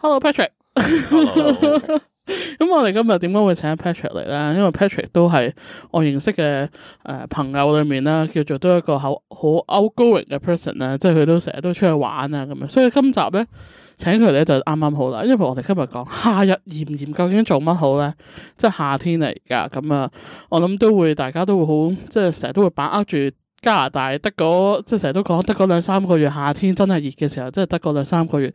Hello Patrick，咁我哋今日點解會請 Patrick 嚟咧？因為 Patrick 都係我認識嘅誒朋友裏面啦，叫做都係一個好好 outgoing 嘅 person 啦、啊，即係佢都成日都出去玩啊咁樣。所以今集咧，請佢咧就啱啱好啦，因為我哋今日講夏日炎炎究竟做乜好咧？即係夏天嚟噶，咁啊，我諗都會大家都會好，即係成日都會把握住加拿大得嗰，即係成日都講得嗰兩三個月夏天真係熱嘅時候，即係得嗰兩三個月。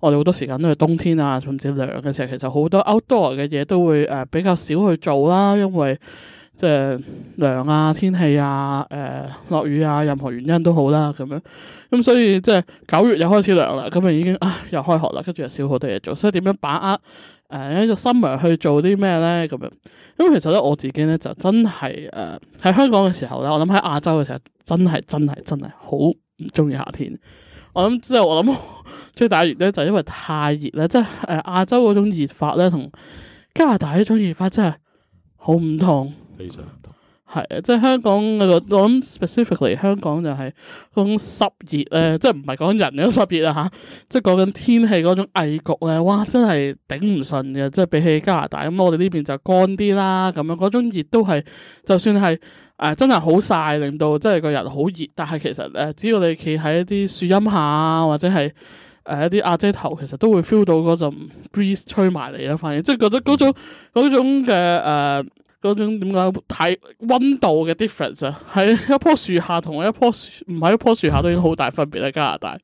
我哋好多時間都係冬天啊，甚至涼嘅時候，其實好多 outdoor 嘅嘢都會誒比較少去做啦，因為即係涼啊、天氣啊、誒落雨啊，任何原因都好啦，咁樣咁所以即係九月又開始涼啦，咁啊已經啊又開學啦，跟住又少好多嘢做，所以點樣把握誒喺個心 u 去做啲咩咧？咁樣咁其實咧我自己咧就真係誒喺香港嘅時候咧，我諗喺亞洲嘅時候真係真係真係好唔中意夏天。我諗之後，我諗最大熱咧就係、是、因為太熱咧，即係誒亞洲嗰種熱法咧，同加拿大呢種熱法真係好唔同。非常唔同。係啊，即係香港我諗 specifically 香港就係嗰種濕熱咧，即係唔係講人嗰種濕熱啊吓，即係講緊天氣嗰種翳焗咧，哇，真係頂唔順嘅，即係比起加拿大，咁我哋呢邊就乾啲啦，咁樣嗰種熱都係，就算係誒、呃、真係好曬，令到即係個人好熱，但係其實咧，只要你企喺一啲樹蔭下啊，或者係誒、呃、一啲阿姐頭，其實都會 feel 到嗰陣 breeze 吹埋嚟啊，反而即係覺得嗰種嗰種嘅誒。嗰種點解睇溫度嘅 difference 啊？喺一棵樹下同喺一棵樹唔喺一棵樹下都已經好大分別啦！加拿大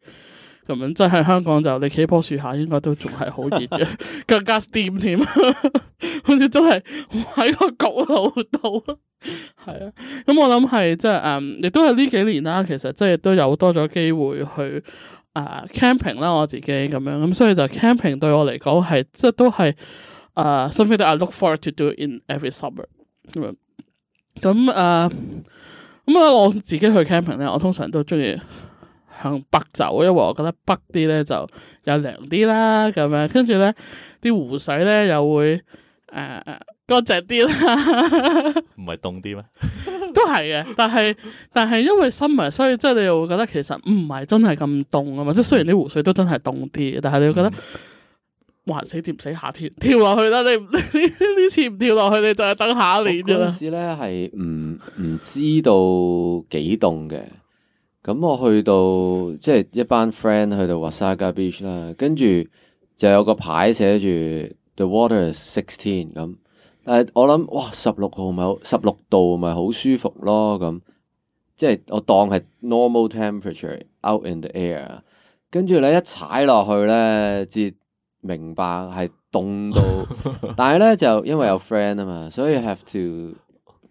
咁樣，即係香港就你企喺棵樹下應該，應該都仲係好熱嘅，更加 steam 添，好似真係喺個焗爐度。係啊，咁我諗係即係誒，亦、呃、都係呢幾年啦，其實即係都有多咗機會去誒、呃、camping 啦，我自己咁樣，咁所以就 camping 對我嚟講係即係都係。Uh, something 啊，that I look forward to do in every summer 咁咁啊，咁啊，我自己去 camping 咧，我通常都中意向北走，因為我覺得北啲咧就有涼啲啦。咁樣跟住咧，啲湖水咧又會誒乾淨啲啦。唔係凍啲咩？ 都係嘅，但係但係因為 summer，所以即係你又會覺得其實唔係真係咁凍啊嘛。即係雖然啲湖水都真係凍啲，嘅，但係你又覺得、嗯。哇！死貼唔死夏天，跳落去啦！你你呢次唔跳落去，你就係等下一年啫啦。嗰陣時咧係唔唔知道幾凍嘅，咁我去到即係一班 friend 去到 Wasaga beach 啦，跟住就有個牌寫住 the water is sixteen 咁，但係我諗哇十六號咪好十六度咪好舒服咯咁，即係我當係 normal temperature out in the air，跟住你一踩落去咧接。明白，係凍到， 但係咧就因為有 friend 啊嘛，所以 have to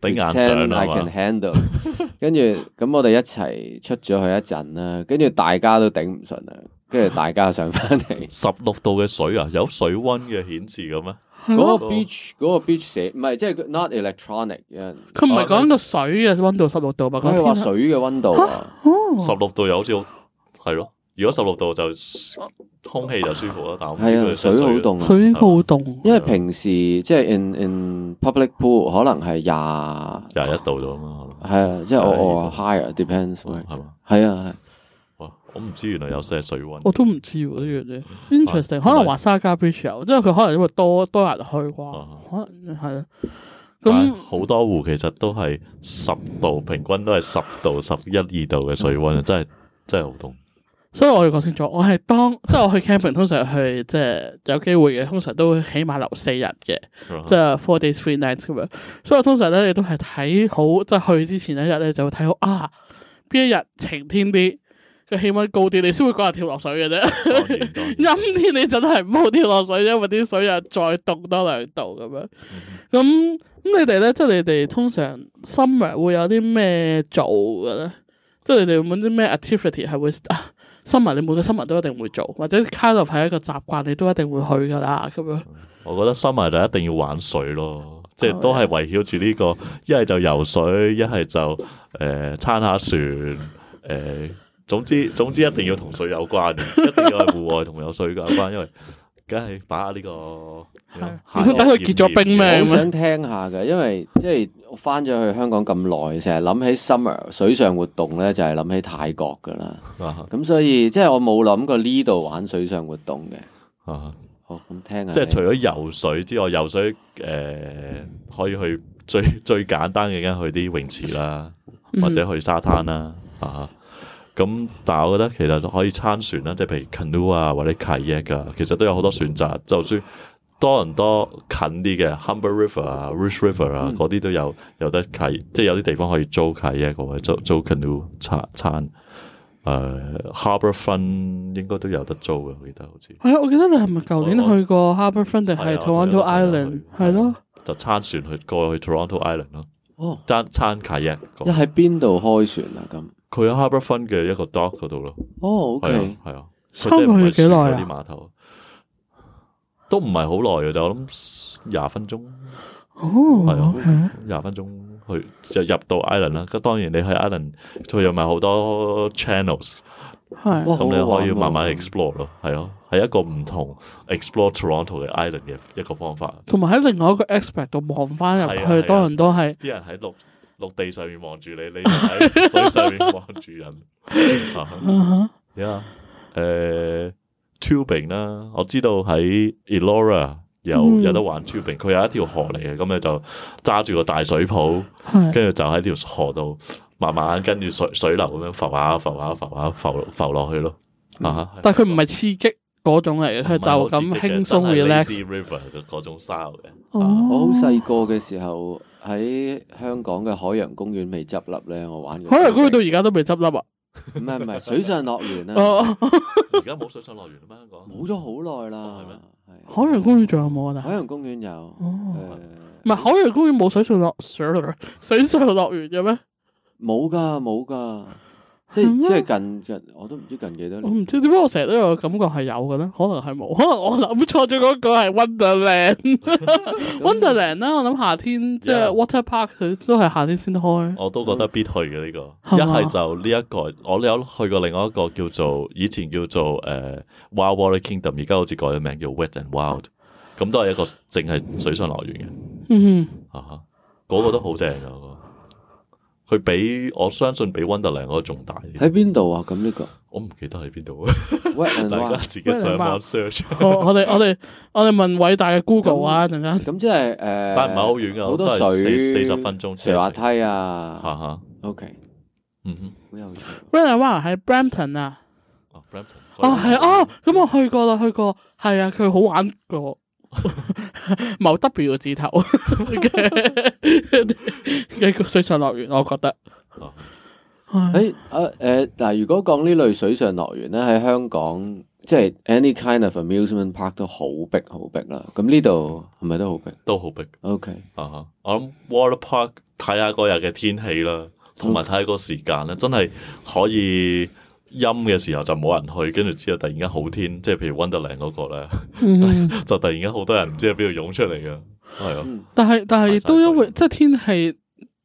pretend I can handle。 跟住咁我哋一齊出咗去一陣啦，跟住大家都頂唔順啦，跟住大家上翻嚟。十六 度嘅水啊，有水溫嘅顯示嘅咩？嗰、啊、個 beach 嗰 beach 寫唔係即係、就是、not electronic 佢唔係講到水嘅、啊、溫、啊、度十六度吧？佢係話水嘅溫度啊，十六、啊、度又好似好。係咯。如果十六度就空氣就舒服啦，但係水好凍，水好凍。因為平時即係 in in public pool 可能係廿廿一度咗啊嘛。係啊，即係我我 higher depends 係嘛。係啊係。我我唔知原來有些水溫，我都唔知呢樣嘢。Interesting，可能話沙加 bridge 有，即係佢可能因為多多人去啩，可能係啊。咁好多湖其實都係十度，平均都係十度十一二度嘅水溫啊，真係真係好凍。所以我要講清楚，我係當即係我去 camping，通常去即係有機會嘅，通常都會起碼留四、uh huh. 日嘅，即係 four days three nights 咁樣。所以我通常咧，你都係睇好，即係去之前一日咧，就會睇好啊邊一日晴天啲，個氣温高啲，你先會嗰日跳落水嘅啫。陰天你真係唔好跳落水，因為啲水又再凍多兩度咁樣。咁咁你哋咧，即係你哋通常 summer 會有啲咩做嘅咧？即係你哋揾啲咩 activity 係會、啊新聞你每個新聞都一定會做，或者 kind of 係一個習慣，你都一定會去噶啦咁樣。我覺得新聞就一定要玩水咯，Okay. 即係都係圍繞住呢個，一係就游水，呃、一係就誒撐下船，誒、呃、總之總之一定要同水有關嘅， 一定要係戶外同游水有關，因為。而家係把下、這、呢個，等佢結咗冰咩？我想聽下嘅，因為即係、就是、我翻咗去香港咁耐，成日諗起 Summer 水上活動咧，就係、是、諗起泰國噶啦。咁、啊、所以即係、就是、我冇諗過呢度玩水上活動嘅。啊，好咁聽下、這個。即係除咗游水之外，游水誒、呃、可以去最最簡單嘅梗係去啲泳池啦，嗯、或者去沙灘啦。啊。咁，但係我覺得其實都可以撐船啦，即係譬如 canoe 啊，或者 Kayak 嘅，其實都有好多選擇。就算多倫多近啲嘅 Humber River 啊、Rich River 啊嗰啲都有有得 k 即係有啲地方可以租 Kayak 嘅，租租 canoe 撐撐。誒 Harbourfront 應該都有得租嘅，我記得好似係啊！我記得你係咪舊年去過 Harbourfront 定係 Toronto Island？係咯，就撐船去過去 Toronto Island 咯。哦，撐撐 Kayak，一喺邊度開船啊？咁。佢喺 Harbourfront 嘅一個 Dock 嗰度咯，哦，係、okay, 啊，係啊，收佢去幾耐啊？啲碼頭都唔係好耐嘅，就我諗廿分鐘。哦，係啊的，廿 okay, 分鐘去就入到 Island 啦。咁當然你喺 Island 再有埋好多 Channels，係咁的你可以慢慢 explore 咯、哦，係咯、哦，係一個唔同 explore Toronto 嘅 Island 嘅一個方法。同埋喺另外一個 aspect 度望翻入去，多的人都係啲人喺度。陸地上面望住你，你喺水上面望住人。 啊，誒、yeah, uh,，tubing 啦，我知道喺 Elora 又有，、嗯、有得玩 tubing，佢有一條河嚟嘅，咁你就揸住個大水泡，跟住是就喺條河度慢慢跟住水水流咁樣浮，浮，浮，浮，浮，浮下浮下浮下浮浮落去咯。嗯啊、但係佢唔係刺激嗰種嚟嘅，佢、嗯、就咁輕鬆 lazy river 嘅嗰種 style 嘅。我好細個嘅時候。喺香港嘅海洋公園未執笠咧，我玩。海洋公園到而家都未執笠啊！唔係唔係水上樂園啊？而家冇水上樂園啦，香港冇咗好耐啦。係咪？海洋公園仲有冇啊？海洋公園有，唔係海洋公園冇水上樂水水上樂園嘅咩？冇㗎，冇㗎。即係近日，我都唔知近幾多年我。我唔知點解我成日都有感覺係有嘅咧，可能係冇，可能我諗錯咗嗰個係 Wonderland。Wonderland 咧、啊，我諗夏天即係 Waterpark 佢 Yeah. 都係夏天先開。我都覺得必去嘅呢、呢個，一係嗎就呢、呢、一個，我有去過另外一個叫做以前叫做誒、uh, Wild Water Kingdom，而家好似改咗名叫 Wet and Wild，咁 都係一個淨係水上樂園嘅。嗯哼，啊嗰、嗰個都好正啊！佢比我相信比 Wonderland 嗰個仲大。喺邊度啊？咁呢、這個我唔記得喺邊度。 大家自己上網 search、 哦。我我哋我哋我哋問偉大嘅 Google 啊，陣間。咁即係誒，但唔係好遠啊。我都係四十分鐘車程。滑梯啊，吓吓。O K，嗯哼，好有趣。Wonderland 喺 Brampton 啊。哦、oh,，Brampton、oh,。哦，係哦，咁我去過啦，去過，係啊，佢好玩噶。冇 W 字頭嘅 水上樂園，我覺得。誒，誒，嗱，如果講呢類水上樂園咧，喺香港即係 any kind of amusement park 都好逼好逼啦。咁呢度係咪都好逼？都好逼，OK，啊，我諗 water park 睇下嗰日嘅天氣啦，同埋睇下個時間咧，好真係可以。陰嘅時候就冇人去，跟住之後突然間好天，即係譬如 Wonderland 嗰個咧，嗯、 就突然間好多人唔知喺邊度湧出嚟嘅，係、哎、啊，但係但係亦都因為即係 天氣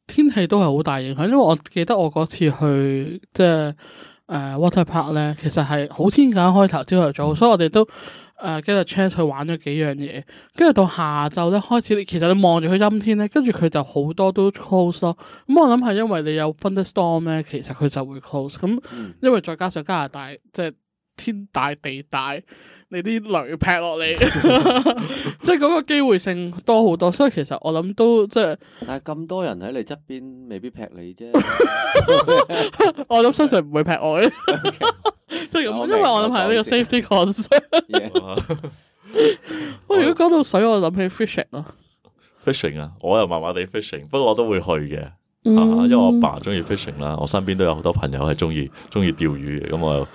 天氣都係好大影響，因為我記得我嗰次去即係、呃、誒 Waterpark 咧，其實係好天嘅開頭朝頭早，上早上，所以我哋都。誒跟住 check 去玩咗幾樣嘢，跟住到下晝咧開始，其實你望住佢陰天咧，跟住佢就好多都 close 咯。咁、嗯、我諗係因為你有 Thunderstorm 咧，其實佢就會 close。咁、嗯、因為再加上加拿大即係。天大地大，你啲雷劈落嚟， 即係嗰個機會性多好多，所以其實我諗都即係。但係咁多人喺你側邊，未必劈你啫。我諗相信唔會劈我嘅，即係因為我諗係有呢個 safety concept。我如果講到水，我諗起 fishing 咯。fishing 啊，我又麻麻地 fishing，不過我都會去嘅。啊， 因為我爸中意 fishing 啦，我身邊都有好多朋友係中意中意釣魚嘅，咁我又，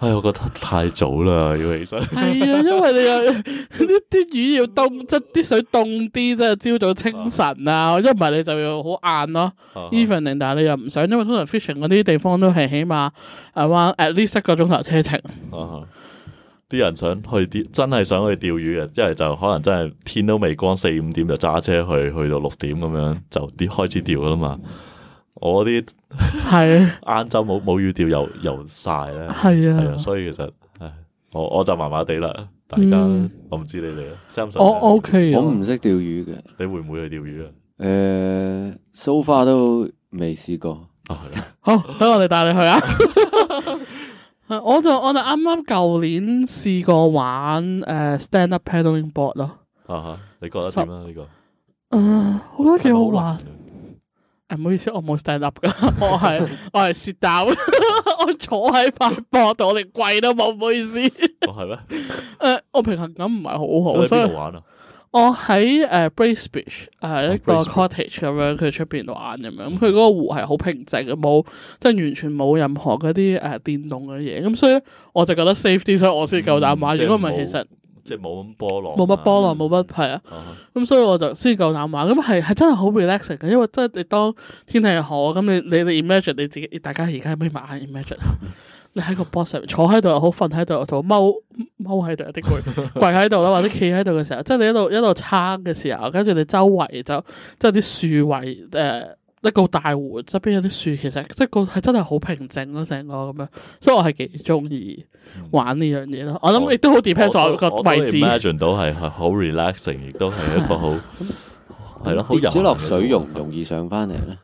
唉，我覺得太早啦，要起身。係啊，因為你又，啲啲魚要凍，即係啲水凍啲，即係朝早清晨啊，一唔係你就要好晏咯。Evening 但係你又唔想，因為通常 fishing 嗰啲地方都係起碼啊，at least 一個鐘頭車程。 啲人想去釣，真係想去釣魚嘅，即係就可能真係天都未光，四五點就揸車去，去到六點咁樣就啲開始釣㗎啦嘛。我啲係晏晝冇冇魚釣，又又曬咧，係啊，係啊。所以其實，唉，我我就麻麻地啦。大家，嗯、我唔知你哋，啊、嗯，三十 Sam son,，我 OK，我唔識釣魚嘅。你會唔會去釣魚啊？誒，so far 都未試過。哦， 好，等我哋帶你去啊。 我就我就啱啱舊年試過玩誒 stand up paddling board 咯，啊哈，你覺得點啊呢個？啊，我覺得幾好難。誒，唔好意思，我冇 stand up 噶，我係我係 sit down，我坐喺塊 board 度，我哋跪都冇。唔好意思。哦係咩？誒，我平衡感唔係好好。你喺邊度玩啊？我喺誒 Bracebridge 誒一個 cottage 咁、啊、樣，佢出邊玩咁樣，咁佢嗰個湖係好平靜嘅，冇即係完全冇任何嗰啲誒電動嘅嘢，咁、嗯、所以我就覺得 safety，所以我先夠膽玩。嗯就是、如果唔係，其實即係冇咁波浪、啊，冇乜波浪，冇乜係啊。咁、嗯嗯、所以我就先夠膽玩。咁係係真係好 relaxing 嘅，因為即係你當天氣好，咁你你你 imagine 你，你想想想自己，大家而家可以玩 imagine。你喺個 box 上面坐喺度又好，瞓喺度又好，踎踎喺度，有啲跪跪喺度啦，或者企喺度嘅時候， 即係你一路一路撐嘅時候，跟住你周圍就即係啲樹圍誒，一個大湖側邊有啲樹，其實即係個係真係好平靜咯，成個咁樣，所以我係幾中意玩呢樣嘢咯。我諗亦都好 depends 我個位置。我都 imagine 到係好 relaxing，亦都係一個好係咯，好落水容容易上翻嚟咧。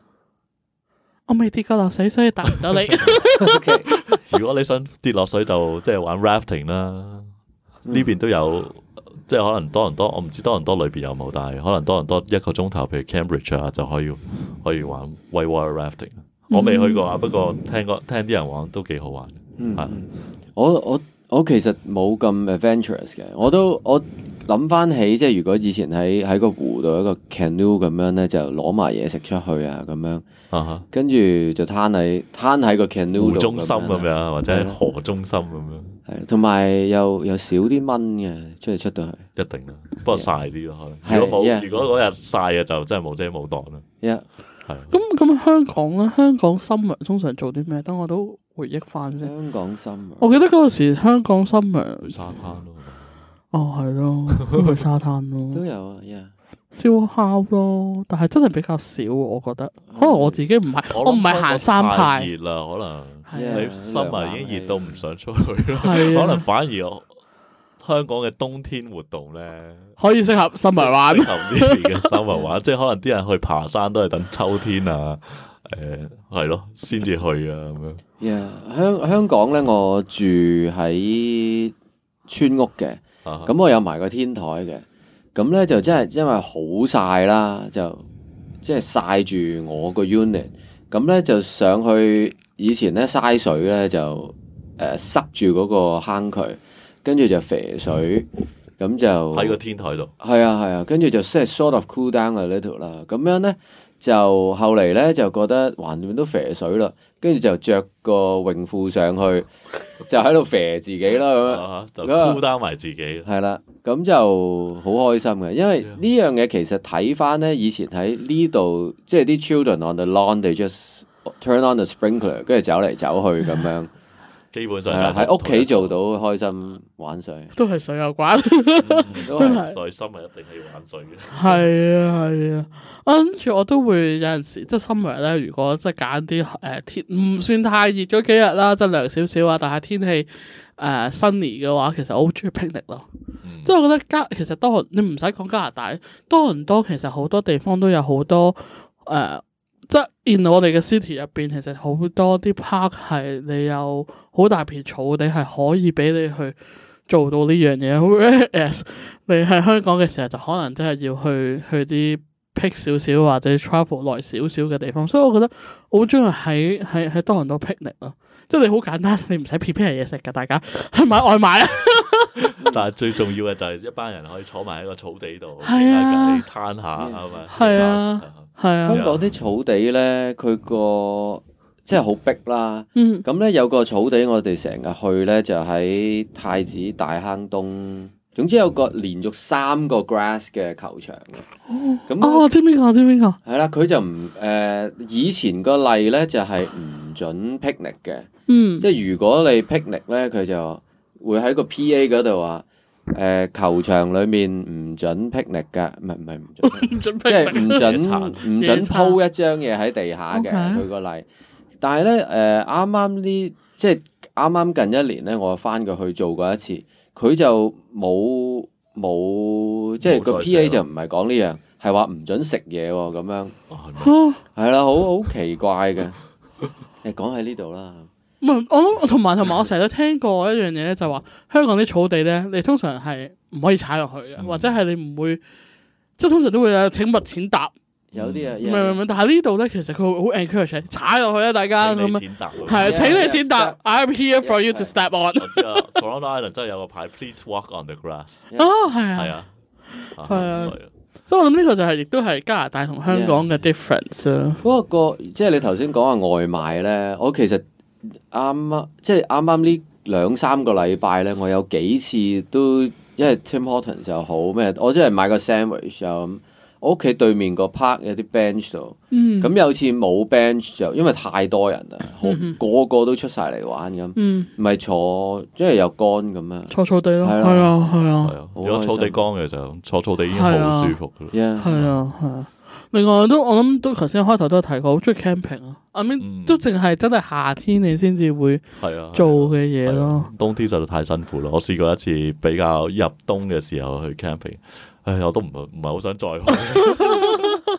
我未跌過落水，所以答唔到你。 Okay. 如果你想跌落水，就即係玩 rafting 啦。呢邊都有，嗯、即係可能多倫多，我唔知多倫多裏邊有冇，但係可能多倫多一個鐘頭，譬如 Cambridge 啊，就可以可以玩 white water rafting，嗯、我未去過啊，不過聽過聽啲人玩都幾好玩。嗯，啊、我我我其實冇咁 adventurous 嘅，我都我諗翻起，即係如果以前喺喺個湖度一個 canoe 咁樣咧，就攞埋嘢食出去啊，咁樣。跟住就攤喺攤喺個 canoe 湖中心咁樣，或者河中心咁樣。係，同埋又又少啲蚊嘅，出嚟出到去。一定啦，不過曬啲咯，可能。如果冇，如果嗰日曬嘅就真係冇遮冇擋啦。一，係咁咁香港咧？香港 summer 通常做啲咩？等我都回憶翻先。香港 summer，我記得嗰陣時香港 summer 去沙灘咯。哦，係咯，去沙灘咯，都有啊。燒烤咯，但係真係比較少，我覺得。可能我自己唔係，我唔係行山派。太熱啦，可能。係啊，summer 已經熱到唔想出去咯。啊、可能反而我香港嘅冬天活動咧，啊、可以適合 summer 玩啲嘅 summer 玩，玩 即係可能啲人去爬山都係等秋天啊，誒係、 呃、咯，先至去啊咁樣。香、yeah, 香港咧，我住喺村屋嘅，咁、uh huh. 我有埋個天台嘅。咁咧就真係因為好曬啦，就即係曬住我個 unit。咁咧就上去，以前咧嘥水咧就誒塞住嗰個坑渠，跟住就肥水。咁就喺個天台度，係啊係啊，跟住、啊、就即係 sort of cool down 喺呢度啦。咁樣咧就後嚟咧就覺得橫掂都肥水啦。跟住就着個泳褲上去， 就喺度肥自己啦。咁就孤單埋自己。係啦，咁就好開心嘅，因為呢樣嘢其實睇翻咧，以前喺呢度，即係啲 children on the lawn，they just turn on the sprinkler，跟住走嚟走去咁樣。 基本上喺屋企做到開心玩水，都係水有關、 嗯。Summer 係一定係要玩水嘅。係啊係啊，我諗住我都會有陣時，即係 Summer 嚟咧。如果即係揀啲誒天唔算太熱嗰幾日啦，即係涼少少啊。但係天氣誒 sunny 嘅話，其實我好中意 picnic 咯。嗯、即係我覺得加，其實多你唔使講加拿大，多倫多，其實好多地方都有好多誒。呃即係我哋嘅 city 入邊，其實好多啲 park 係你有好大片草地，係可以俾你去做到呢樣嘢。Whereas 你喺香港嘅時候，就可能真係要去去啲僻少少或者 travel 耐少少嘅地方，所以我覺得好中意喺喺喺多倫多 picnic 咯。即係好簡單，你唔使撇 r 嘢食噶，大家去買外賣啦。 但係最重要嘅就係一班人可以坐埋喺個草地度，係啊，靜靜攤下啊嘛，係啊，係啊。啊香港啲草地咧，佢、那個即係好逼啦。嗯，咁咧有個草地，我哋成日去咧，就喺太子大坑東。總之有個連續三個 grass 嘅球場嘅，哦，咁哦，知邊個，知邊個？係啦，佢就唔誒，以前個例咧就係唔準 picnic 嘅，嗯，即係如果你 picnic 咧，佢就會喺個 PA 嗰度話，誒、呃，球場裏面唔準 picnic 噶，唔係唔係唔準，即係唔準唔 picnic 準鋪 一張嘢喺地下嘅佢個例，但係咧誒，啱啱呢即係啱啱近一年咧，我翻過去做過一次。佢就冇冇，即係個 P. A. 就唔係講呢樣，係話唔准食嘢，喎咁樣，係啦，啊，好好奇怪嘅，你講喺呢度啦。唔係，我諗，我同埋同埋，我成日都聽過一樣嘢咧，就話，是，香港啲草地咧，你通常係唔可以踩落去嘅，或者係你唔會，即係通常都會有請勿踐踏。有啲啊，明唔明？但係呢度咧，其實佢好 encouraging 踩落去啊，大家咁啊，係，請你踐踏。I'm here for you to step on。我知啦，Grassland Island 真係有個牌，Please walk on the grass。哦，係啊，係啊，係啊，所以我諗呢個就係亦都係加拿大同香港嘅 difference。不過，即係你頭先講啊外賣咧，我其實啱啱即係啱啱呢兩三個禮拜咧，我有幾次都因為 Tim Hortons 又好咩，我真係買個 sandwich 咁。我屋企對面個 park 有啲 bench 度，咁有次冇 bench 就因為太多人啦，個個都出晒嚟玩咁，唔係坐即係有乾咁樣，坐坐地咯，係啊係啊，如果草地乾嘅就坐坐地已經好舒服嘅，係啊係啊。另外都我諗都頭先開頭都有提過，好中意 camping 啊，後面都淨係真係夏天你先至會係啊做嘅嘢咯。冬天實在太辛苦啦，我試過一次比較入冬嘅時候去 camping。唉，我都唔唔係好想再去。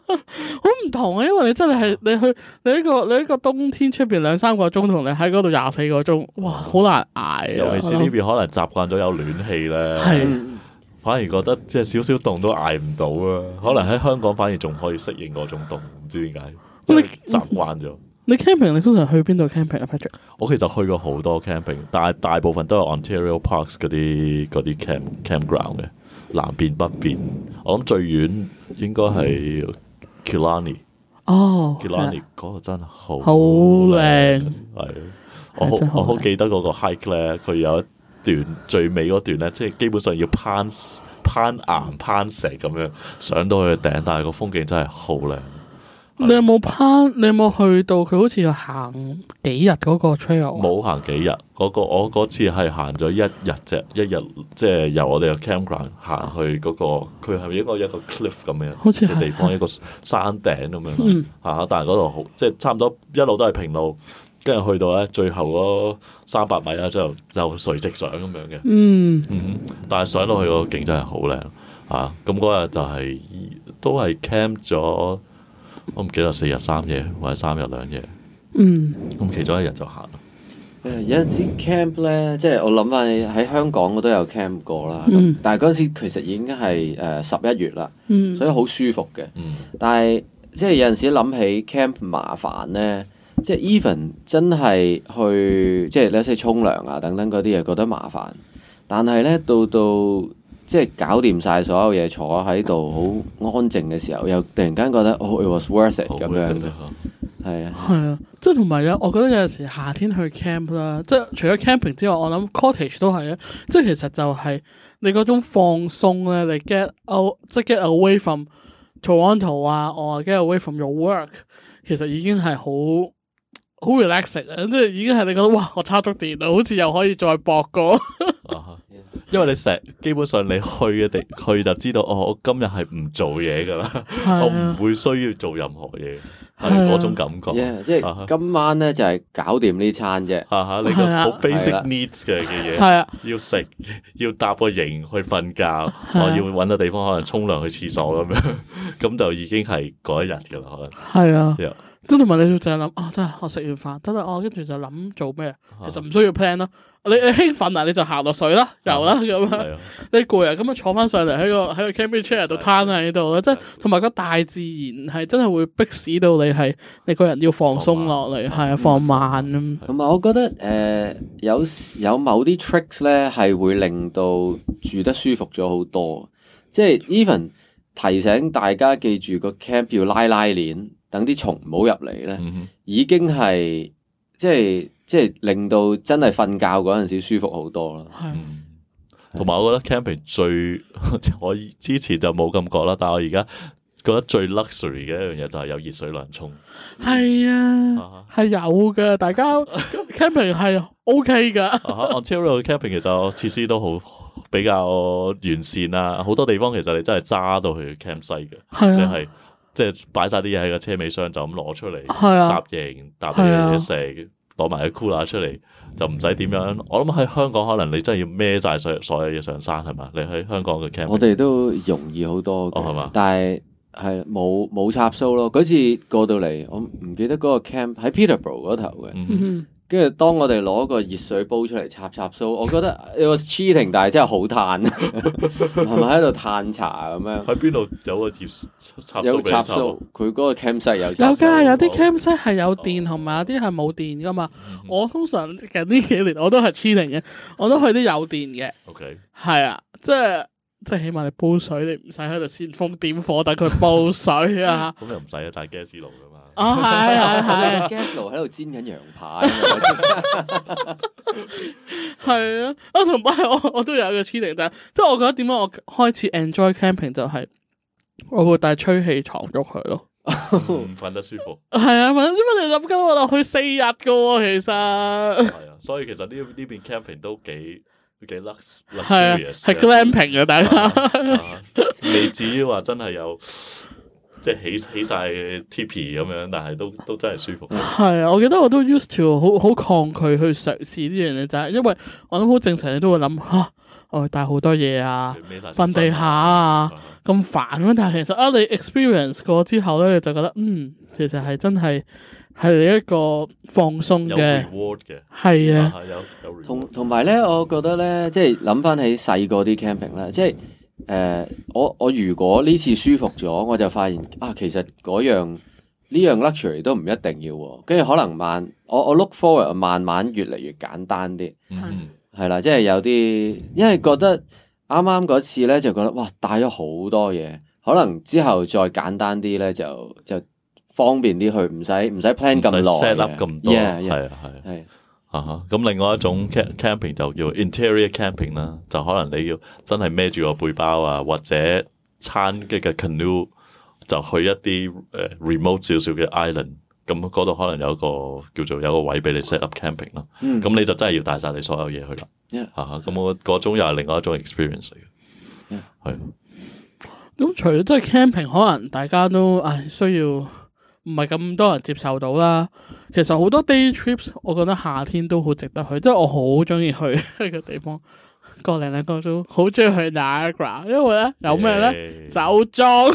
好唔同啊，因為你真係係你去你呢個你呢個冬天出邊兩三個鐘，同你喺嗰度廿四個鐘，哇，好難挨啊！尤其是呢邊可能習慣咗有暖氣咧，係的反而覺得即係少少凍都挨唔到啊！可能喺香港反而仲可以適應嗰種凍，唔知點解？你習慣咗？你 camping 你通常去邊度 camping 啊？Patrick，我其實去過好多 camping，但係大，大部分都係 Ontario Parks 嗰啲嗰啲 camp campground 嘅。南邊北邊，我諗最遠應該係 Kilani 哦，Kilani 嗰的個真係好，好靚係，的的我好我好記得嗰個 hike 咧，佢有一段最尾嗰段咧，即係基本上要攀攀岩、攀石咁樣上到去頂，但係個風景真係好靚。你有冇攀？你有冇去到？佢好似要行幾日嗰個 trail？冇行幾日嗰、那個，我嗰次係行咗一日啫。一日即係由我哋個 campground 行去嗰、那個，佢係咪應該一個，個 cliff 咁樣嘅地方，一個山頂咁樣、嗯、啊？但係嗰度即係差唔多一路都係平路，跟住去到咧最後嗰三百米啦，就就垂直上咁樣嘅。嗯，嗯，但係上到去個景真係好靚啊！咁嗰日就係、是、都係 camp 咗。我唔記得四日三夜，或者三日兩夜。嗯，咁、嗯、其中一日就行。誒，有陣時 camp 咧，即係我諗翻喺香港我都有 camp 過啦。嗯，但係嗰陣時其實已經係誒十一月啦。嗯、所以好舒服嘅。嗯、但係即係有陣時諗起 camp 麻煩咧，即係 even 真係去即係咧，即係沖涼啊等等嗰啲嘢覺得麻煩。但係咧到到。即係搞掂晒所有嘢，坐喺度好安靜嘅時候，又突然間覺得、oh, it was worth it 咁樣嘅，係啊，係啊的，即係同埋咧，我覺得有陣時夏天去 camp 啦，即係除咗 camping 之外，我諗 cottage 都係啊，即係其實就係你嗰種放鬆咧，你 get out, 即 get away from Toronto 啊，或 get away from your work，其實已經係好好 relaxed 啊。即係已經係你覺得哇，我插足電啊，好似又可以再搏個。 因為你成日基本上你去嘅地，去就知道哦，我今日係唔做嘢噶啦，我唔會需要做任何嘢，係嗰種感覺。即係今晚咧就係搞掂呢餐啫，吓吓你個好 basic needs 嘅嘅嘢，要食，要搭個營去瞓覺，我要搵個地方可能沖涼去廁所咁樣，咁就已經係嗰一日噶啦，可能，係啊。真係咪？你就成日諗啊！真係我食完飯，真係我跟住就諗做咩？其實唔需要 plan 咯。嗯、了你你興奮啊，你就行落水啦，游啦咁啊。你攰啊，咁啊坐翻上嚟喺個喺個 camping chair 度癱喺度咧。即係同埋個大自然係真係會逼使到你係你個人要放鬆落嚟，係、啊、放慢。咁啊、嗯，我覺得誒有有某啲 tricks 咧係會令到住得舒服咗好多。即係 even。提醒大家記住個 camp 要拉拉鏈，等啲蟲唔好入嚟咧，已經係即係即係令到真係瞓覺嗰陣時舒服好多啦。係、嗯。同埋我覺得 camping 最我之前就冇咁覺啦，但係我而家覺得最 luxury 嘅一樣嘢就係有熱水涼沖。係啊，係、uh huh. 有㗎，大家 camping 係 OK 㗎。 uh、huh, Ontario camping 其實設施都好。比較完善啦、啊，好多地方其實你真係揸到去 campsite 嘅，即係即係擺晒啲嘢喺個車尾箱就咁攞出嚟、啊，搭營，啊、搭嘢嘢成，攞埋個 Cooler 出嚟就唔使點樣。我諗喺香港可能你真係要孭晒所所有嘢上山係嘛？你喺香港嘅 camp，我哋都容易好多係嘛？ 但係係冇冇插蘇咯？嗰次過到嚟，我唔記得嗰個 camp 喺 Peterborough 嗰頭嘅。Mm hmm. 跟住，當我哋攞個熱水煲出嚟插插蘇，我覺得 it was cheating，但係真係好嘆，係咪喺度嘆茶咁樣？喺邊度有個熱插蘇俾你插？有插蘇，佢嗰個 campsite 有。有㗎，有啲 campsite 係有電，同埋、哦、有啲係冇電噶嘛。嗯、我通常其實呢幾年我都係 cheating 嘅，我都去啲有電嘅。OK，係啊，即係即係，起碼你煲水，你唔使喺度煽風點火等佢煲水啊。咁又唔使啊，但係 gas 哦，係係係，Gaslo 喺度煎緊羊排，係啊！啊啊我同班我我都有一個痴定，但即係我覺得點解我開始 enjoy camping 就係我會帶吹氣床喐佢咯，瞓、 嗯、得舒服。係啊，因為你諗緊我落去四日噶、啊，其實係 啊。所以其實呢呢邊 camping 都幾幾 lux l u x u r 係 glamping 啊 gl，大家。你、啊啊、未至於話真係有？即係起，起起曬 tipi 咁樣，但係都都真係舒服。係啊，我記得我都 used to 好好抗拒去嘗試呢樣嘢，就係因為我諗好正常，你都會諗吓，我帶好多嘢啊，瞓、哎啊、地下啊，咁、啊、煩。但係其實啊，你 experience 過之後咧，你就覺得嗯，其實係真係係你一個放鬆嘅。係的啊，有有同同埋咧，我覺得咧，即係諗翻起細個啲 camping 咧，即係。誒，uh，我我如果呢次舒服咗，我就發現啊，其實嗰樣呢樣 luxury 都唔一定要喎。跟住可能慢，我我 look forward 慢慢越嚟越簡單啲，係係啦，即係有啲，因為覺得啱啱嗰次咧就覺得哇，帶咗好多嘢，可能之後再簡單啲咧就就方便啲去，唔使唔使 plan 咁耐，set up 咁多，係係係。的啊咁另外一種 camping 就叫 interior camping 啦，就可能你要真係孭住個背包啊，或者撐嘅個 canoe 就去一啲誒 remote 少少嘅 island，咁嗰度可能有一個叫做有一個位俾你 set up camping 咯。咁、嗯、你就真係要帶晒你所有嘢去啦。嗯、啊咁我嗰種又係另外一種 experience。係、嗯。咁係除咗即係 camping，可能大家都唉需要。唔係咁多人接受到啦。其實好多 day trips，我覺得夏天都好值得去，即係我好中意去呢個地方。個零兩個鐘，好中意去 Niagara 因為咧有咩咧 Yeah. 酒莊，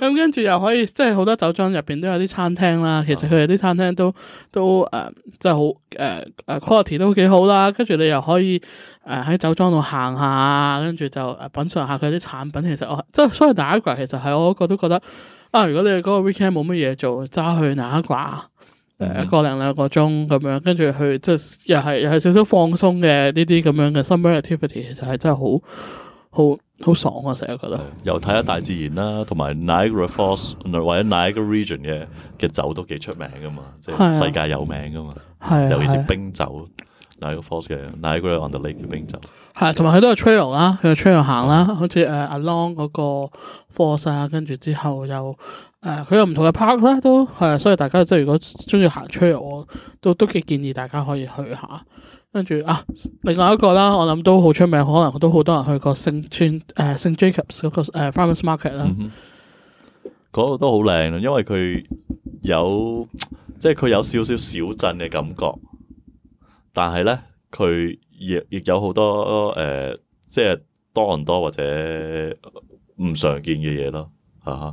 咁跟住又可以，即係好多酒莊入邊都有啲餐廳啦。其實佢哋啲餐廳都都誒，即係好誒誒 quality 都幾好啦。跟住你又可以誒喺、呃、酒莊度行下，跟住就品嘗下佢啲產品。其實我、哦、即係所以 Niagara 其實係我個都覺得啊，如果你嗰個 weekend 冇乜嘢做，揸去 Niagara 一個零兩個鐘咁樣，跟住去即係又係又係少少放鬆嘅呢啲咁樣嘅 summer activity，其實係真係好好好爽啊！成日覺得。又睇下大自然啦，同埋 Niagara Falls 或者 Niagara Region 嘅嘅酒都幾出名噶嘛，即係世界有名噶嘛。係。是啊、尤其是冰酒，Niagara Falls 嘅 Niagara on the Lake 嘅冰酒。係，同埋佢都有 trail 啦，佢有 trail 行啦，好似誒 along 嗰個 force 啊，il, 呃、force, 跟住之後又。誒，佢、呃、有唔同嘅 park 咧，都係，所以大家即係如果中意行出，去，我都都幾建議大家可以去下。跟住啊，另外一個啦，我諗都好出名，可能都好多人去過聖串誒、呃、聖 Jacobs 嗰、那個誒、呃、Farmers Market 啦，嗰、嗯那個都好靚咯，因為佢有即係佢有少少小鎮嘅感覺，但係咧佢亦亦有好多誒、呃，即係多倫多或者唔常見嘅嘢咯，吓。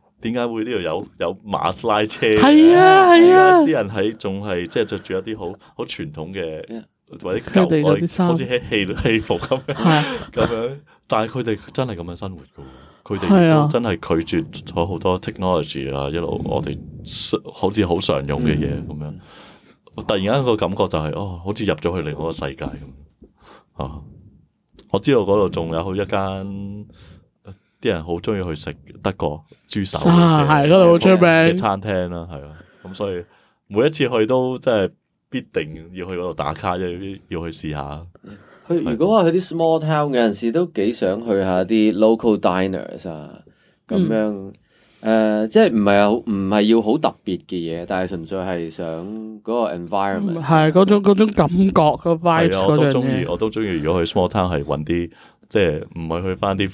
點解會呢度有有馬拉車？係啊，係啊，啲、啊啊、人喺仲係即係着住一啲好好傳統嘅或者舊，好似喺戲戲服咁嘅，咁樣。 啊、但係佢哋真係咁樣生活噶，佢哋都真係拒絕咗好多 technology 啊，一路我哋好似好常用嘅嘢咁樣。突然間個感覺就係、是、哦，好似入咗去另外一個世界咁啊！我知道嗰度仲有好一間。啲人好中意去食德國豬手啊，係度好出名嘅餐廳啦，係咯。咁所以每一次去都即係必定要去嗰度打卡，即係要去試下。去如果話去啲 small town，有陣時都幾想去一下啲 local diners 啊，咁樣誒、嗯呃，即係唔係好唔係要好特別嘅嘢，但係純粹係想嗰個 environment，係嗰、嗯、種嗰種感覺嗰、嗰個 vibes。係啊，我都中意，我都中意。如果去 small town，係揾啲即係唔係去翻啲。就是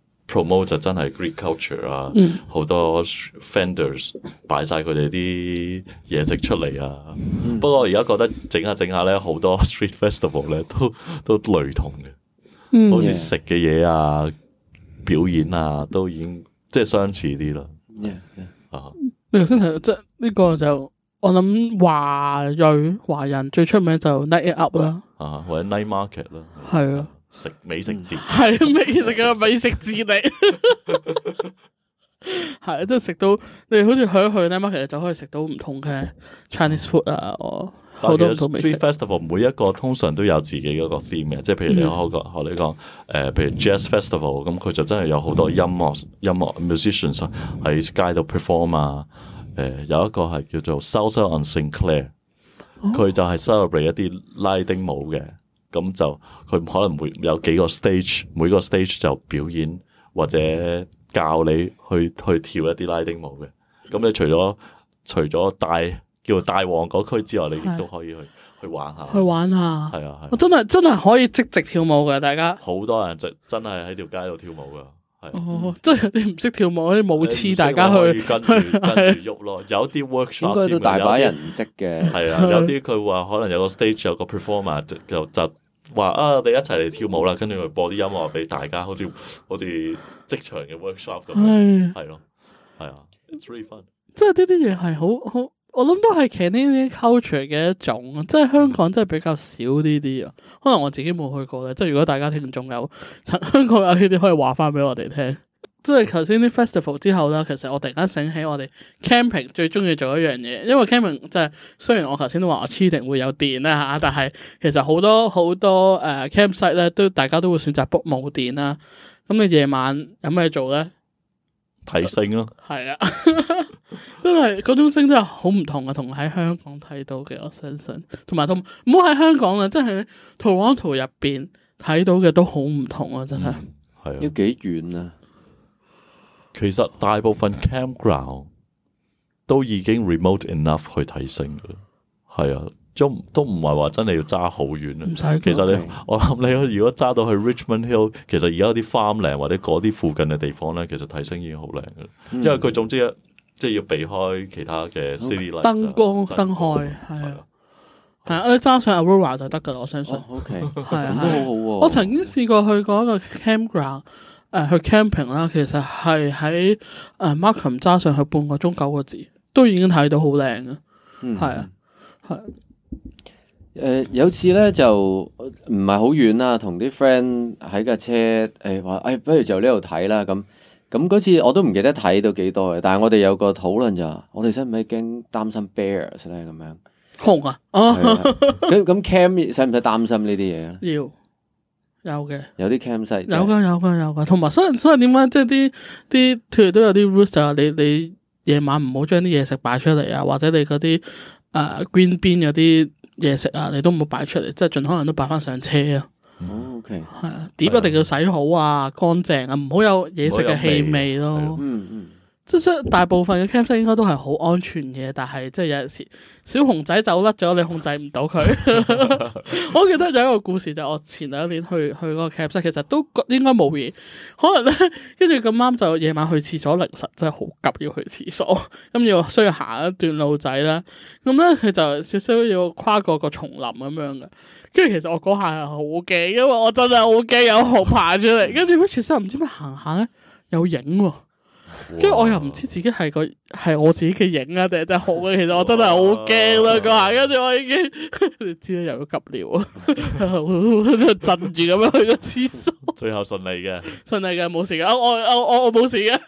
promote 就真係 Greek culture 啊，好、嗯、多 funders 擺晒佢哋啲嘢食出嚟啊。嗯、不過而家覺得整下整下咧，好多 street festival 咧都都雷同嘅，好似食嘅嘢啊、表演啊，都已經即係相似啲啦。啊、嗯，你頭、嗯、先提、嗯、即係呢、呢個就我諗華裔華人最出名就 night up 啦，啊或者 night market 啦，係啊。食美食節係、嗯、 美食嘅美食節嚟，係即係食到，你好似去一去咧，咁其實就可以食到唔同嘅 Chinese food 啊，好其多好多美食。Festival 每一個通常都有自己嗰個 theme 嘅，即係譬如你學個學你講，誒、嗯呃，譬如 Jazz Festival，咁、嗯、佢、嗯、就真係有好多音樂音樂 musicians 喺街度 perform 啊，誒、呃，有一個係叫做 Salsa on Sinclair，佢、哦、就係 celebrate 一啲拉丁舞嘅。咁就佢可能會有幾個 stage，每個 stage 就表演或者教你去去跳一啲拉丁舞嘅。咁你除咗除咗大叫大王嗰區之外，你亦都可以去的去玩下。去玩下，係啊係。我真係真係可以即直跳舞嘅，大家。好多人真真係喺條街度跳舞噶。 哦，即係啲唔識跳舞嗰啲舞痴，大家去跟住喐咯。有啲 workshop，都大把人唔識嘅，係啊。 有啲佢話可能有個 stage，有個 performer 就就話啊，我哋一齊嚟跳舞啦，跟住佢播啲音樂俾大家，好似好似職場嘅 workshop 咁，係係咯，係啊 it's really fun 即係呢啲嘢係好好。 我諗都係 Canadian culture 嘅一種，即係香港真係比較少呢啲啊。可能我自己冇去過咧，即係如果大家聽眾有香港有呢啲，可以話翻俾我哋聽。即係頭先啲 festival 之後咧，其實我突然間醒起我哋 camping 最中意做一樣嘢，因為 camping 即係雖然我頭先都話我 cheating 會有電啦嚇，但係其實好多好多誒、uh, campsite 咧都大家都會選擇 book 冇電啦。咁你夜晚有咩做咧？睇星咯。係啊是的。 真係嗰種星真係好唔同啊，同喺香港睇到嘅，我相信。同埋同唔好喺香港啊，即係《逃亡圖》入邊睇到嘅都好唔同啊！真係係啊，要幾遠啊？其實大部分 camground p 都已經 remote enough 去睇星嘅。係啊，都都唔係話真係要揸好遠啊。其實你我諗你如果揸到去 Richmond Hill，其實而家啲花 a r 或者嗰啲附近嘅地方咧，其實睇星已經好靚嘅。因為佢總之一。嗯即係要避開其他嘅 city light、okay, 光燈開係、嗯、啊，係啊、嗯，你揸上 Aurora 就得噶啦，我相信。O K，係都好好、啊、喎。我曾經試過去過一個 campground、呃誒去 camping 啦，其實係喺誒、呃、Markham 揸上去半個鐘九個字，都已經睇到好靚啊。係、嗯、啊，係、啊。誒、呃，有次咧就唔係好遠啦，同啲 friend 喺架車，誒、哎、話，誒、哎、不如就呢度睇啦咁。咁嗰次我都唔記得睇到幾多嘅，但係我哋有個討論咋，我哋使唔使驚擔心 bears 咧咁樣？熊啊！哦、啊的，咁 cam 使唔使擔心呢啲嘢咧？要，有嘅。有啲 cam 使，有噶有噶有噶。同埋所以所以點解即係啲啲團都有啲 r o o e s 就係你你夜晚唔好將啲嘢食擺出嚟啊，或者你嗰啲誒 green 邊嗰啲嘢食啊，你都唔好擺出嚟，即係最可能都擺翻上車啊。係啊，Okay. 碟一定要洗好啊，乾淨啊，唔好有嘢食嘅氣味咯、啊。嗯嗯即係大部分嘅 cam 車應該都係好安全嘅，但係即係有陣時小熊仔走甩咗，你控制唔到佢。 我記得有一個故事，就是、我前兩年去去嗰個 cam 車其實都應該冇嘢，可能咧跟住咁啱就夜晚去廁所，凌晨真係好急要去廁所，咁要需要行一段路仔啦。咁咧佢就少少要跨過個叢林咁樣嘅，跟住其實我嗰下係好驚，因為我真係好驚有熊爬出嚟。跟住咁其實唔知咩行行咧，有影喎、啊。跟住我又唔知自己係個係我自己嘅影啊，定係真係好嘅。其實我真係好驚啦嗰下，跟住哇 我已經 你知啦，有咗急尿啊，就震住咁樣去咗廁所。最後順利嘅，順利嘅冇事嘅，我我我冇事嘅。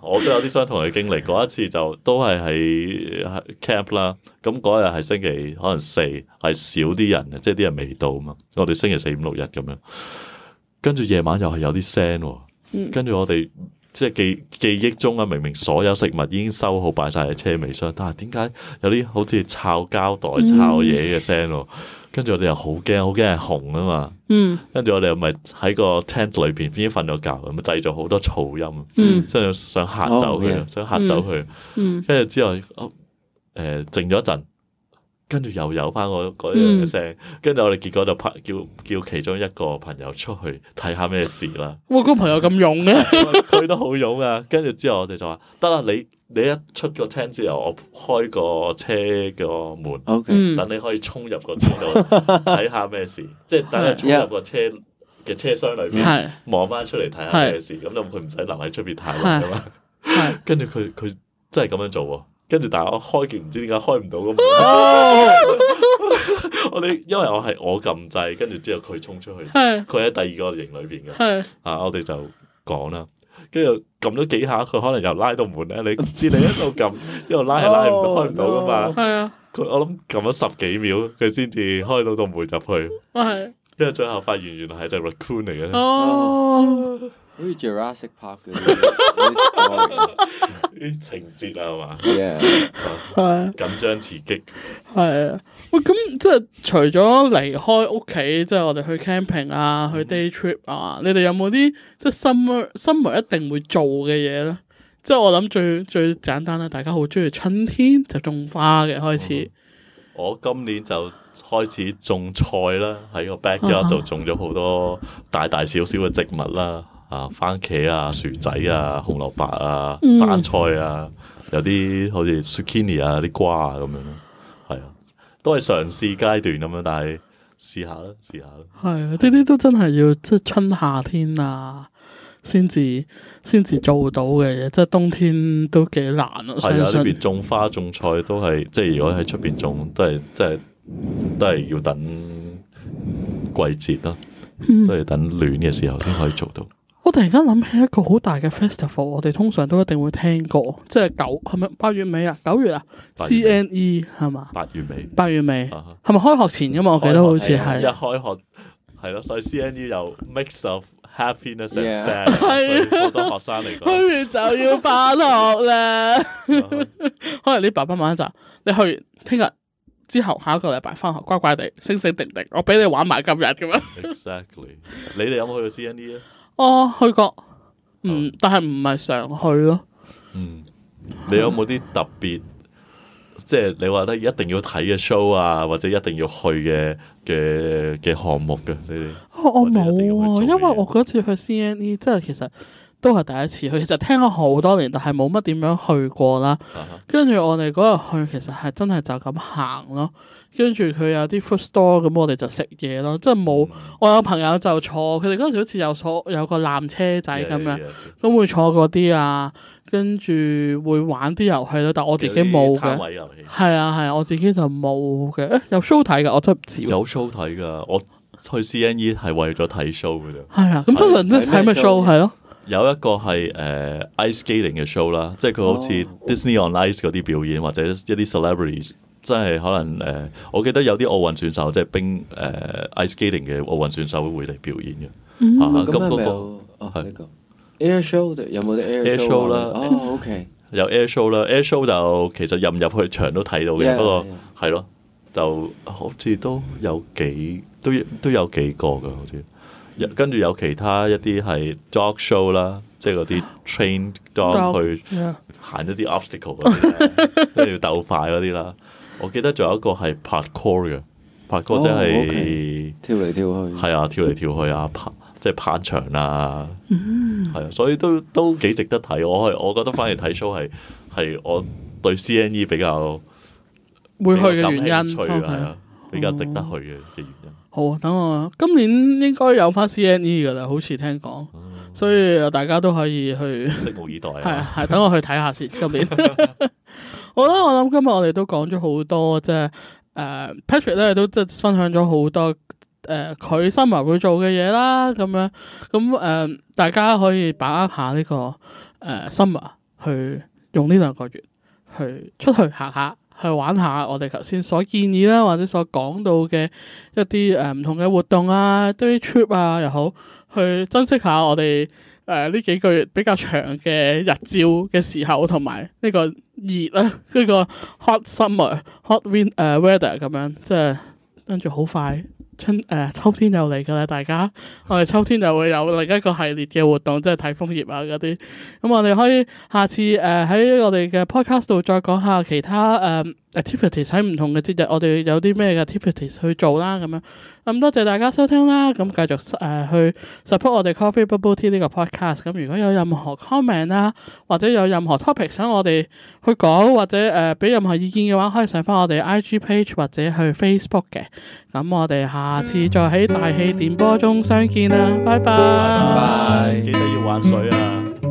我都 有啲相同嘅經歷，嗰一次就都係喺 camp 啦。咁嗰日係星期可能四，係少啲人嘅，即係啲人未到嘛。我哋星期四五六日咁樣，跟住夜晚又係有啲聲，跟住我哋。嗯即係記記憶中啊，明明所有食物已經收好，擺晒喺車尾箱，但係點解有啲好似摷膠袋、摷嘢嘅聲？跟住我哋又好驚，好驚係熊啊嘛！跟住，嗯、我哋咪喺個 tent 裏邊，邊瞓咗覺，咁製造好多噪音，嗯、即係想吓走佢，哦、想吓走佢。跟住之後，誒、呃，靜咗一陣。跟住又有翻我嗰樣嘅聲，跟住我哋結果就拍叫叫其中一個朋友出去睇下咩事啦。哇，個朋友咁勇嘅，佢 都好勇啊！跟住之後我哋就話得啦，你你一出個廳之後，我開個車個門等 Okay,、嗯、你可以衝入個車度睇下咩事， 即係等佢衝入個車嘅車廂裏面望翻出嚟睇下咩事，咁 是就佢唔使留喺出邊太耐啦。嘛。 跟住佢佢真係咁樣做。跟住但係我開極唔知點解開唔到個門咁，oh! 我哋因為我係我撳掣，跟住之後佢衝出去，佢喺 Yes. 第二個營裏邊嘅，Yes. 啊我哋就講啦，跟住撳咗幾下，佢可能又拉到門咧， 你知你一路撳一路拉係拉唔、oh，開唔到噶嘛，係啊，佢我諗撳咗十幾秒，佢先至開到個門入去，跟住 Yes. 最後發現原來係隻 raccoon 嚟嘅。Oh. Oh. 好似 Jurassic Park 嗰啲，啲 Nice story, 情節啊嘛，Yeah. 緊張刺激。係啊， 喂，咁即係除咗離開屋企，即、就、係、是、我哋去 camping 啊，去 day trip 啊，嗯、你哋有冇啲即係 summer summer 一定會做嘅嘢咧？即係我諗最最簡單啦，大家好中意春天就種花嘅開始。我今年就開始種菜啦，喺個 backyard 度種咗好多大大、大小小嘅植物啦。嗯啊，番茄啊，薯仔啊，紅蘿蔔啊，生、嗯、菜啊，有啲好似 zucchini 啊啲瓜啊咁樣，係啊，都係嘗試階段咁樣，但係試下啦，試下啦。係，呢啲、啊、都真係要即係春夏天啊，先至先至做到嘅嘢，即係冬天都幾難咯。係啊，呢、啊、邊種花種菜都係，即係如果喺出邊種都係，即係都係要等季節咯、啊，都係等暖嘅時候先可以做到。嗯我突然間諗起一個好大嘅 festival，我哋通常都一定會聽過，即係九係咪八月尾啊？九月啊？C N E 係嘛？八月尾。八月尾係咪開學前噶嘛？我記得好似係一開學係咯，所以 C N E 又 mix of happiness and sadness，好多學生嚟講。去完就要返學啦，可能你爸爸晚一就你去聽日之後下一個禮拜返學，乖乖哋，星星定定，我俾你玩埋今日咁樣。Exactly，你哋有冇去到 C N E 啊？我、哦、去過，嗯，但係唔係常去咯。嗯，你有冇啲特別，即係你話咧一定要睇嘅 show 啊，或者一定要去嘅嘅嘅項目嘅？呢我我冇啊，啊因為我嗰次去 CNE，即係其實。都係第一次去，其實聽咗好多年，但係冇乜點樣去過啦。跟住、uh huh. 我哋嗰日去，其實係真係就咁行咯。跟住佢有啲 food stall，咁我哋就食嘢咯。即係冇，uh huh. 我有朋友就坐，佢哋嗰陣時好似有坐有個纜車仔咁樣，yeah, yeah. 都會坐嗰啲啊。跟住會玩啲遊戲咯，但我自己冇嘅，係啊係、啊，我自己就冇嘅、欸。有 show 睇噶，我真唔知。有 show 睇噶，我去 CNE 係為咗睇 show 噶。係啊，咁通常都睇咩 show？係咯、啊。有一個係誒 ice skating 嘅 show 啦，即係佢好似 Disney on Ice 嗰啲表演，或者一啲 celebrities，真係可能誒，我記得有啲奧運選手，即係冰誒 ice skating 嘅奧運選手會嚟表演嘅。嚇咁個哦係 air show，有冇啲 air show 啦？OK 有 air show 啦，air show 就其實入唔入去場都睇到嘅，不過係咯，就好似都有幾都都有幾個嘅好似。跟住有其他一啲係 dog show 啦，即係嗰啲 train dog 去行一啲 obstacle 嗰啲， 跟住鬥快嗰啲啦。我記得仲有一個係 parkour 嘅，parkour 即、就、係、是哦 okay，跳嚟跳去，係啊，跳嚟跳去啊，攀即係攀牆啊，係啊，所以都都幾值得睇。我係我覺得反而睇 show 係係我對 CNE 比較會去嘅原因，係 okay. 啊，比較值得去嘅嘅原因。嗯好，等我今年應該有翻 CNE 噶啦，好似聽講，嗯、所以大家都可以去拭目以待啊。係 等我去睇下先。今年， 好我覺我諗今日我哋都講咗好多，即係誒 Patrick 咧都即係分享咗好多誒佢、呃、summer 會做嘅嘢啦，咁樣咁誒、呃，大家可以把握下呢、呢個誒、呃、summer 去用呢兩個月去出去行下。去玩下我哋頭先所建議啦，或者所講到嘅一啲誒唔同嘅活動啊 day trip 啊又好，去珍惜下我哋誒呢幾個月比較長嘅日照嘅時候，同埋呢個熱啊，呢、那、住個 hot summer hot wind 誒、uh, weather 咁樣，即係跟住好快。春誒秋天又嚟㗎喇，大家我哋秋天就會有另一個系列嘅活動，即係睇楓葉啊嗰啲。咁我哋可以下次誒喺我哋嘅 podcast 度再講下其他誒 activities，喺唔同嘅節日我哋有啲咩 activities 去做啦咁樣。咁多謝大家收聽啦，咁繼續誒去 support 我哋 Coffee Bubble Tea 呢個 podcast。咁如果有任何 comment 啦，或者有任何 topic 想我哋去講或者誒俾任何意見嘅話，可以上返我哋 IG page 或者去 Facebook 嘅。咁我哋下，下次再喺大氣電波中相見啦，拜拜！記得拜 要玩水啊！